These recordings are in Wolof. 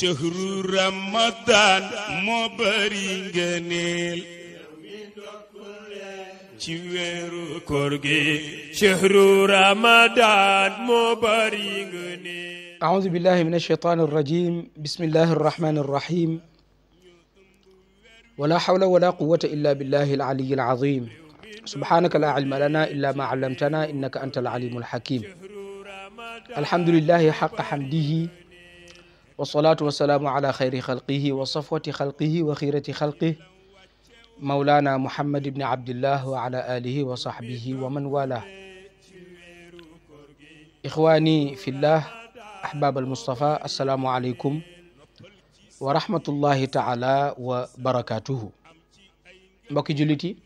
shahru ramadan moo bari ngëneel ci weeru koor gi shahru ramadan moo bari ngëneel a'udhu billahi minash shaitanir rajim bismillahir rahmanir rahim wala hawla wala quwwata illa billahil aliyyil azim subhanaka la ilma lana illa ma 'allamtana innaka antal alimul hakim alhamdulillahi haqqa hamdihi wasalaatu wasalaamu ala xayri xalqihi wa safwati xalqihi wa xiirati xalqih maulana muhammad ibni abdillah wa ala alihi wa sahbihi wa man wala ixwaani fillah ahbab almustapha assalaamu aleykum wa rahmatullahi taala wa barakatuhu mbokki jullit yi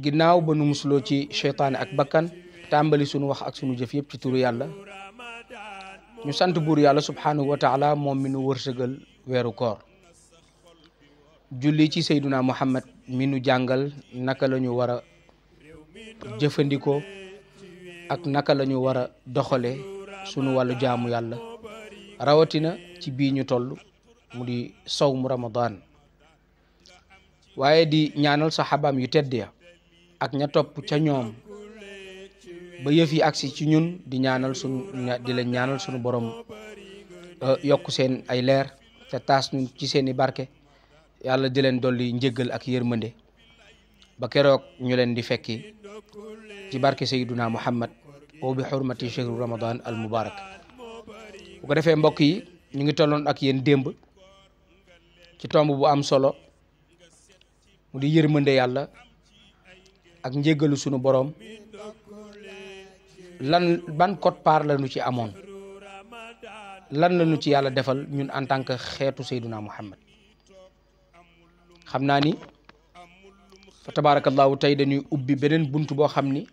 ginnaaw ba nu musuloo ci cheytaan ak bakkan tàmbali sunu wax ak sunu jëf yëpp ci turu yàlla ñu sant buur yàlla subhaanahu wa taala moom mi nu wërsëgal weeru koor julli ci seyduna muhammad mi nu jàngal naka lañu ñu war jëfandikoo ak naka lañu ñu war a doxale sunu wàllu jaamu yàlla rawatina ci bii ñu toll mu di sawmu ramadan waaye di ñaanal saxaabaam yu tedd ya ak ña topp ca ñoom ba yëf yi si ci ñun di ñaanal sunu di la ñaanal sunu borom euh, yokk seen ay leer te taas ñun ci seeni barke yàlla di leen dolli njëgal ak yërmande ba keroog ñu leen di fekki ci barke sayyiduna muhammad o bi xurmati chehru ramadan al mubarak bu ko defee mbokk yi ñu ngi tolloon ak yéen démb ci tomb bu am solo mu di yërmande yàlla ak njëggalu sunu borom lan ban code part la ñu ci amoon lan la ci yàlla defal ñun en tant que xeetu sayduna muhammad xam naa ni fa tey dañuy ubbi beneen bunt boo xam ni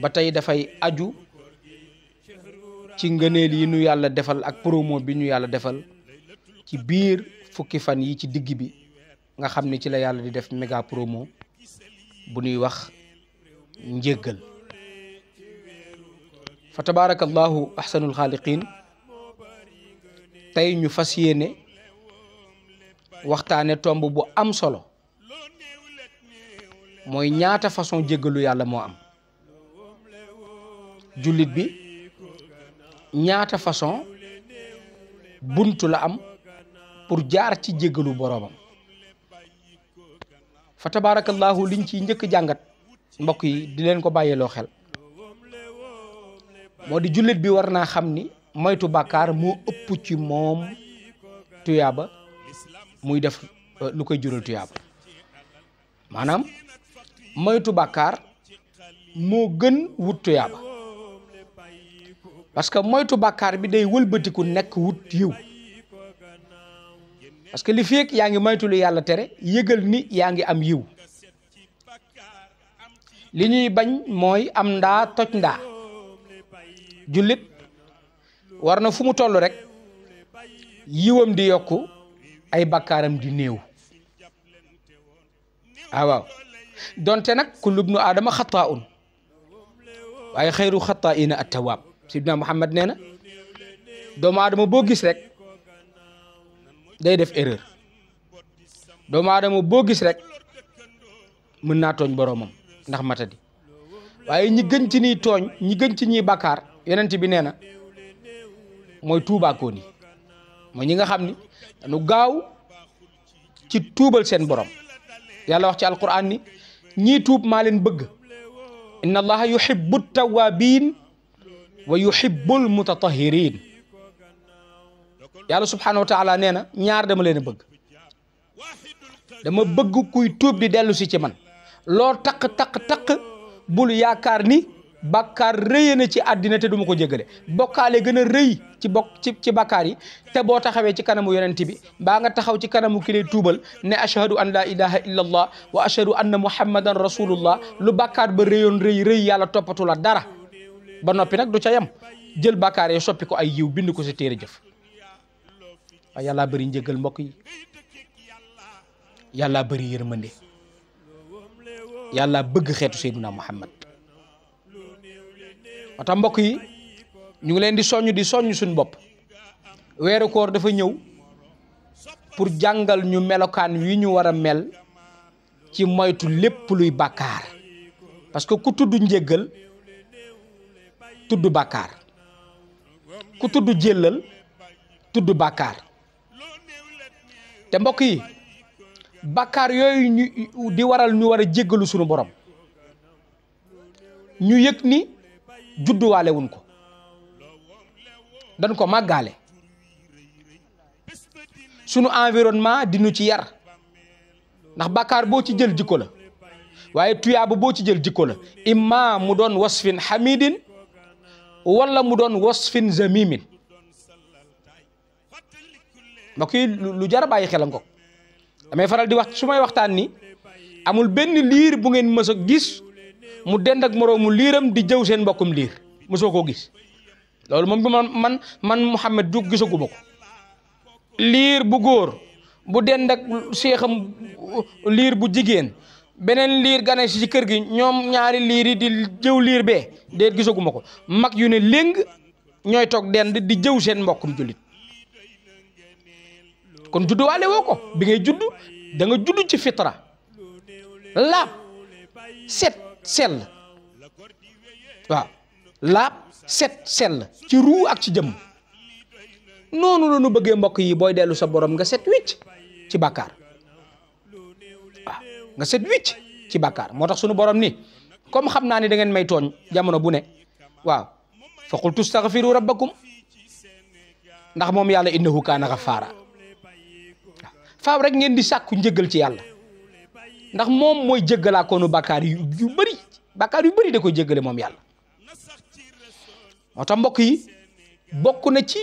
ba tey dafay aju ci ngëneel yi nu yàlla defal ak promo bi ñu yàlla defal ci biir fukki fan yi ci digg bi nga xam ni ci la yàlla di def méga promo bu ñuy wax njéggal fa tabaarakallaahu ahsanul xaaliqiin tey ñu fas yéene waxtaane tomb bu am solo mooy ñaata façon jéggalu yàlla moo am jullit bi ñaata façon buntu la am pour jaar ci jéggalu boroomam fa tabaarakallaahu liñ ciy njëkk jàngat mbokk yi di leen ko bàyyiloo xel moo di jullit bi war naa xam ni moytu bàkkaar moo ëpp ci moom tuyaaba muy def euh, lu koy jural tuyaaba maanaam moytu bàkkaar moo gën wut tuyaaba parce que moytu bàkkaar bi day wëlbatiku nekk wut yiw parce que li feek yaa ngi moytu yàlla tere yëgal ni yaa ngi am yiw li ñuy bañ mooy am ndaa toj ndaa jullit war na fu mu toll rek yiwam di yokku ay bakkaaram di néew ah donte nag kullu bnu aadama xataa'un waaye xayru xataa'iina at-tawaab sidna Muhammad nee doomu aadama boo gis rek day def erreur doomu aadama boo gis rek mën naa tooñ boroomam ndax matadi waaye ñi tooñ ñi bakkaar yonent bi nee na mooy tuubaakoon yi mooy ñi nga xam ni dañu gaaw ci tuubal seen borom yàlla wax ci alquran ni ñii tuub maa leen bëgg inna allaha yuhibbu tawabin wa yuhibbul mutatahirin yàlla subhanahu wa taala nee na ñaar dama leen a bëgg dama bëgg kuy tuub di dellu si ci man loo taq taq taq bul yaakaar ni bàkkaar rëye na ci àddina te duma ko jéggale bokkaale gën a rëy ci bokk ci ci bàkkaar yi te boo taxawee ci kanamu yonent bi baa nga taxaw ci kanamu ki lay tuubal ne ashhadu an laa ilaha illa allah wa ashhadu anna muhammadan rasulullah lu bàkkaar ba rëyoon rëy rëy yàlla toppatu la dara ba noppi nag du ca yem jël bàkkaar yi soppi ko ay yiw bind ko si téere jëf waaye yàllaa bëri njëgal mbokk yi yàllaa bëri yërmande yàllaa bëgg xeetu sayduna muhammad moo mbokk yi ñu ngi leen di soññ di soññ suñu bopp weerukoor dafa ñëw pour jàngal ñu melokaan wi ñu war a mel ci moytu lépp luy bàkkaar parce que ku tudd njéggal tudd bàkkaar ku tudd jéllal tudd bàkkaar te mbokk yi bàkkaar yooyu di waral ñu war a jéggalu suñu borom ñu yëg ni judduwaale wuñ ko dañ ko màggaale sunu environnement di nu ci yar ndax bàkkaar boo ci jël jikko la waaye tuyaaba boo ci jël jikko la imma mu doon wasfin hamidin wala mu doon wasfin zamimin ma koy lu jar a bàyyi xelam ko faral di wax waxtaan ni amul benn liir bu ngeen mës a gis mu dend ak moroomu liiram di jëw seen mbokkum liir mosoo koo gis loolu moom bi man man man Mouhamed Diouf gisaguma ko liir bu góor bu dend ak seexam liir bu jigéen beneen liir gane si ci kër gi ñoom ñaari liir yi di jëw liir be déet gisaguma ko mag yu ne léng ñooy toog dend di jëw seen mbokkum jullit kon judduwaale woo ko bi ngay judd da nga ci fitra laab set sell waaw laab set sell ci ruu ak ci jëmm noonu la ñu bëggee mbokk yi booy dellu sa borom nga set wicc ci bàkkaar set wicc ci bàkkaar moo tax sunu boroom ni comme xam naa ni dangeen ngeen may tooñ jamono bu ne waaw fa qultu staghfiru rabbakum ndax moom yàlla innahu kaana ghafaara faaw rek ngeen di sàkku njëgal ci yàlla ndax moom mooy jéggalaakoonu bàkkaar yu yu bëri bàkkaar yu bëri da koy jéggale moom yàlla moo tax mbokk yi bokk na ci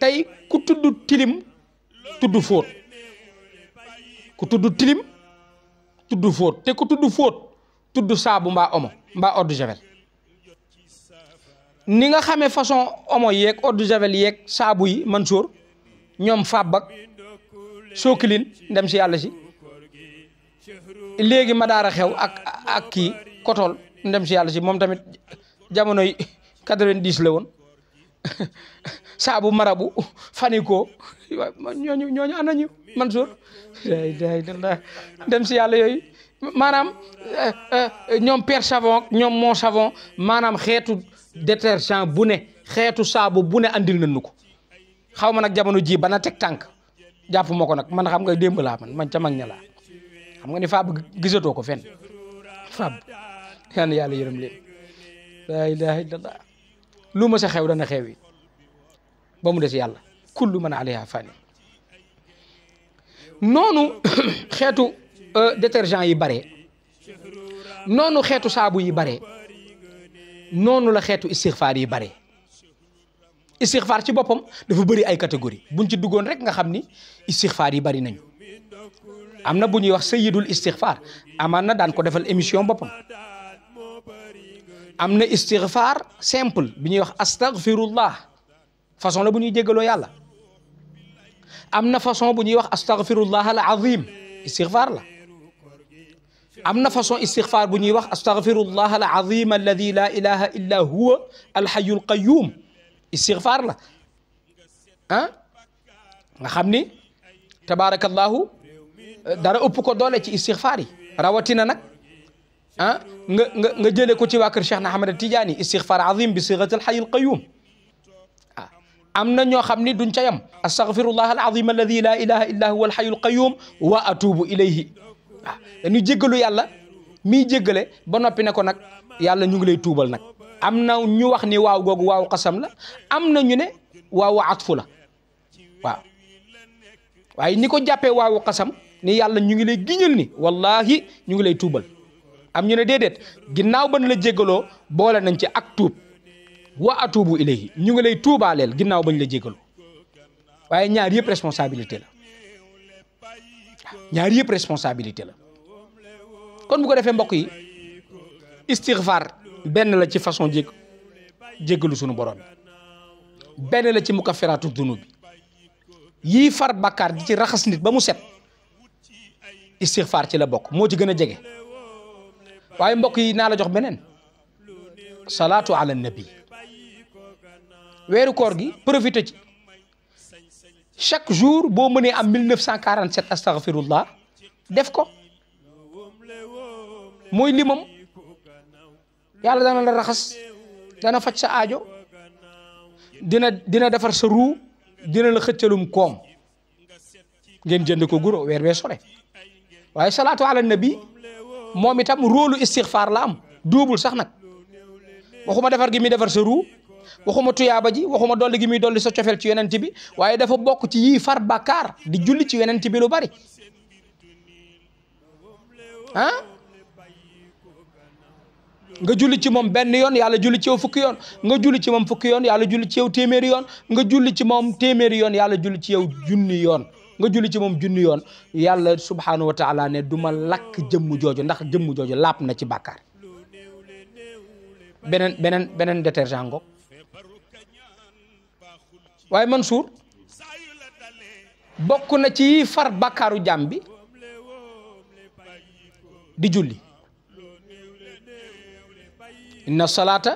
tey ku tudd tilim tudd fóot ku tudd tilim tudd fóot te ku tudd fóot tudd saabu mbaa omo mbaa eau de javel ni nga xamee façon omo yeeg eau de javel yeeg saabu yi Mansour ñoom fàbbak sookilin dem si yàlla si léegi ma daara xew ak ak kii kotool ndem si yàlla si moom tamit jamonoy 90 la woon saabu marabu fanikoo ñooñu ñooñu ana ñu Mansour day day dem si yàlla yooyu maanaam eh, eh, ñoom per savon ñoom mon savon maanaam xeetu détergent bu ne xeetu saabu bu ne andil nañu ko xaw ma nag jamono ji bana teg tànk jàpp ma ko nag man xam nga démb laa man man ca mag ña laa xam nga ne faab gisatoo ko fenn faab yaa yàlla yërëm leen laa ilaha illallah lu ma sa xew dana xew yi ba mu des yàlla kullu man alayha fani noonu xeetu euh, détergent yi bare noonu xeetu saabu yi bare noonu la xeetu istixfaar yi bare istixfaar ci boppam dafa bëri ay catégorie buñ ci duggoon rek nga xam ni istixfaar yi bari nañu am na bu ñuy wax sayyidul istixfaar amaan na daan ko defal émission boppam am na istixfaar simple bi ñuy wax astaghfirullah façon la bu ñuy jéggaloo yàlla am na façon bu ñuy wax astaghfirullah al azim istixfaar la am na façon istixfaar bu ñuy wax astaghfirullah al azim alladi la ilaha illa huwa al hayyul qayyum istixfaar la ah nga xam ni tabaarakallahu dara ëpp ko doole ci istixfaar yi rawatina nag ah nga nga nga jëlee ko ci waa kër na na Ahmad Tidiane istixfaar azim bi sigatil xayil qayum ah am na ñoo xam ni duñ ca yam astaghfirullah al azim alladi la ilaha illa huwa al xayul qayum wa atubu ilayhi ah dañuy jéggalu yàlla miy jéggale ba noppi ne ko nag yàlla ñu ngi lay tuubal nag am na ñu wax ni waaw googu waaw xasam la am na ñu ne waaw atfu la waaw ni ko jàppee waawu xasam ni yàlla ñu ngi lay giñal ni wallahi ñu ngi lay tuubal am ñu ne déedéet ginnaaw ban la jégaloo boole nañ ci ak tuub wa atuubu ilayhi ñu ngi lay tuubaaleel ginnaaw bañ la jégaloo waaye ñaar yëpp responsabilité la ñaar yëpp responsabilité la kon bu ko defee mbokk yi istixfaar benn la ci façon jég jégalu sunu borom benn la ci mukaffiraatu dunub bi yii far bàkkaar di ci raxas nit ba mu set istixfaar ci la bokk moo ci gën a jege waaye mbokk yi naa la jox beneen salaatu ala nabi weeru koor gi profité ci chaque jour boo mënee am 1947 astaghfirullah def ko mooy limam yàlla dana la raxas dana faj sa aajo dina dina defar sa ruu dina la xëccalum koom ngeen jënd ko guro weer wee sore waaye salaatu ala nabi moom itam róolu istixfaar la am duubul sax nag waxuma defar gi muy defar sa ruu waxuma tuyaaba ji waxuma dolli gi muy dolli sa cofeel ci yonent bi waaye dafa bokk ci yii far bàkkaar di julli ci yonent bi lu bari ah nga julli ci moom benn yoon yàlla julli ci yow fukki yoon nga julli ci moom fukki yoon yàlla julli ci yow téeméeri yoon nga julli ci moom téeméeri yoon yàlla julli ci yow junni yoon nga julli ci moom junni yoon yàlla subhaanahu wa taala ne du ma lakk jëmm jooju ndax jëmm jooju laap na ci bàkkaar beneen beneen beneen waaye Mansour bokk na ci far bàkkaaru jàmm bi di julli inna salaata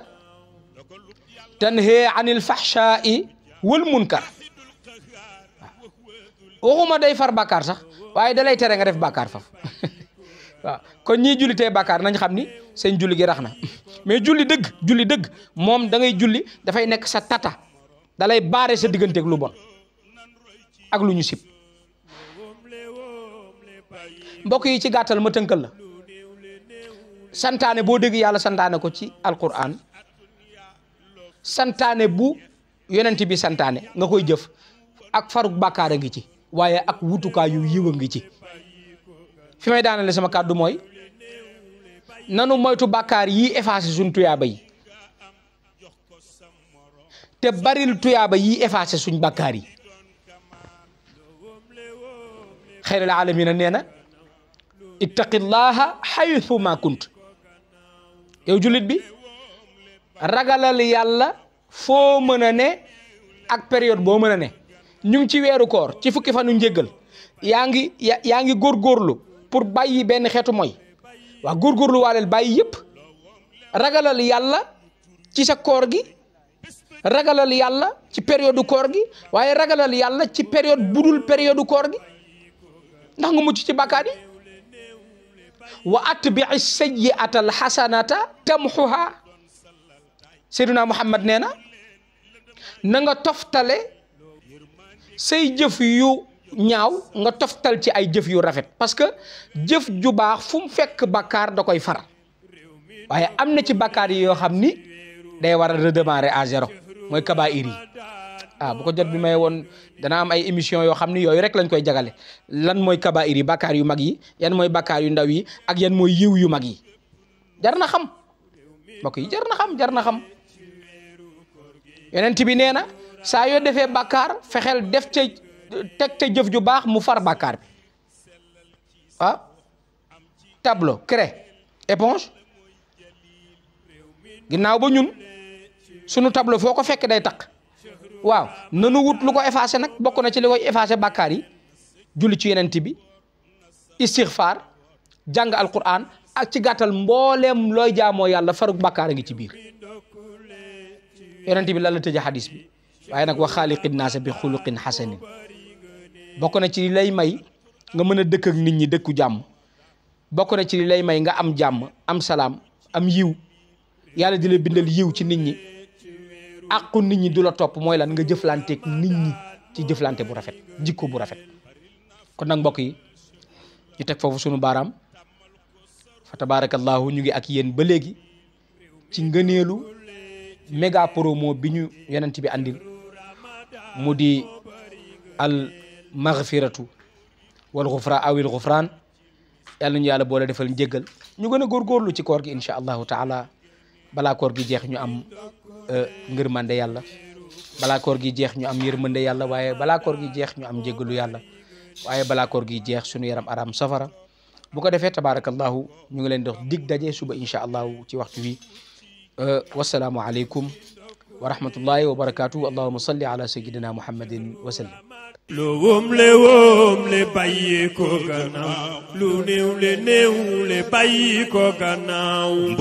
tanhee anil fahshaa'i wal munkar waxuma day far bàkkaar sax waaye dalay tere nga def bàkkaar faf kon ñii jullitee bàkkaar nañ xam ni seen julli gi rax na mais julli dëgg julli dëgg moom dangay julli dafay nekk sa tata dalay baare sa digganteeg lu bon ak lu ñu sib mbokk yi ci gàttal ma tënkal la santaane boo dégg yàlla santaane ko ci alquran santaane bu yonent bi santaane nga koy jëf ak faruk bàkkaar a ngi ci waaye ak wutukaay yu yiw ngi ci fi may daanale sama kàddu mooy nanu moytu bàkkaar yii effacé suñ tuyaaba yi te baril tuyaaba yi effacé suñ bàkkaar yi xayril alamina nee na ittaqillaha xaythu ma kunt yow jullit bi ragalal yàlla foo mën a ne ak période boo mën a ne ñu ngi ci weeru koor ci fukki fanu njéggal yaa ngi yaa ngi góorgóorlu pour bàyyi benn xeetu mooy waa góorgóorlu waaleel bàyyi yëpp ragalal yàlla ci sa koor gi ragalal yàlla ci période koor gi waaye ragalal yàlla ci période budul période koor gi ndax nga mucc ci bàkkaar yi wa atbii sayyi'ata alxasanata tamxuha seyduna muhammad nee na na nga toftale say jëf yu ñaaw nga toftal ci ay jëf yu rafet parce que jëf ju baax fu mu fekk bakkaar da koy far waaye am na ci bakkaar yi yoo xam ni day war a redémarrer mooy kabaa'ir yi ah jot bi may woon dana am ay émission yoo xam ni yooyu rek lañ koy jagale lan mooy kabaa'ir yi bakkaar yu mag yi yan mooy bakaar yu ndaw yi ak yan mooy yiw yu mag yi jar na xam mbokk yi jar xam jar na xam yonent bi nee na saa yoo defee bàkkaar fexeel def ca teg ca jëf ju baax mu far bàkkaar bi ah tableau craie éponge ginnaaw ba ñun sunu tableau foo ko fekkee day takk waaw nanu wut lu ko effacé nag bokk na ci li koy effacé bàkkaar yi julli ci yenent bi istixfaar jàng alquran ak ci gàttal mbooleem looy jaamoo yàlla farug bàkkaar a ngi ci biir yenent bi lan la tëje bi waaye nag wa xaaliqin naasa bi xuluqin xasanin bokk na ci lay may nga mën a dëkk ak nit ñi dëkku jàmm bokk na ci lay may nga am jàmm am salaam am yiw yàlla di la bindal yiw ci nit ñi àqu nit ñi du la topp mooy lan nga jëflanteeg nit ñi ci jëflante bu rafet jikko bu rafet kon nag mbokk yi ñu teg foofu sunu baaraam fa tabaarakallaahu ñu ngi ak yéen ba léegi ci ngëneelu méga promo bi ñu yonent bi andil mu di al maghfiratu wal xufraan awil xufraan yàlla ñu yàlla boole defal njéggal ñu gën a góorgóorlu ci koor gi incha allahu taala balaa koor gi jeex ñu am euh, ngërmande yàlla balaa koor gi jeex ñu am yërmande yàlla waaye balaa koor gi jeex ñu am njéggalu yàlla waaye balaa koor jeex suñu yaram aram safara bu ko defee tabaarakallahu ñu ngi leen dox dig daje suba incha allahu ci waxtu wi euh, wasalaamu aleykum wa rahmatullahi wa barakatuh allahuma salli ala sayidina muhammadin wa sallim lu wóom le wóom le bàyyi ko gannaaw lu néew le néew le bàyyi ko gannaaw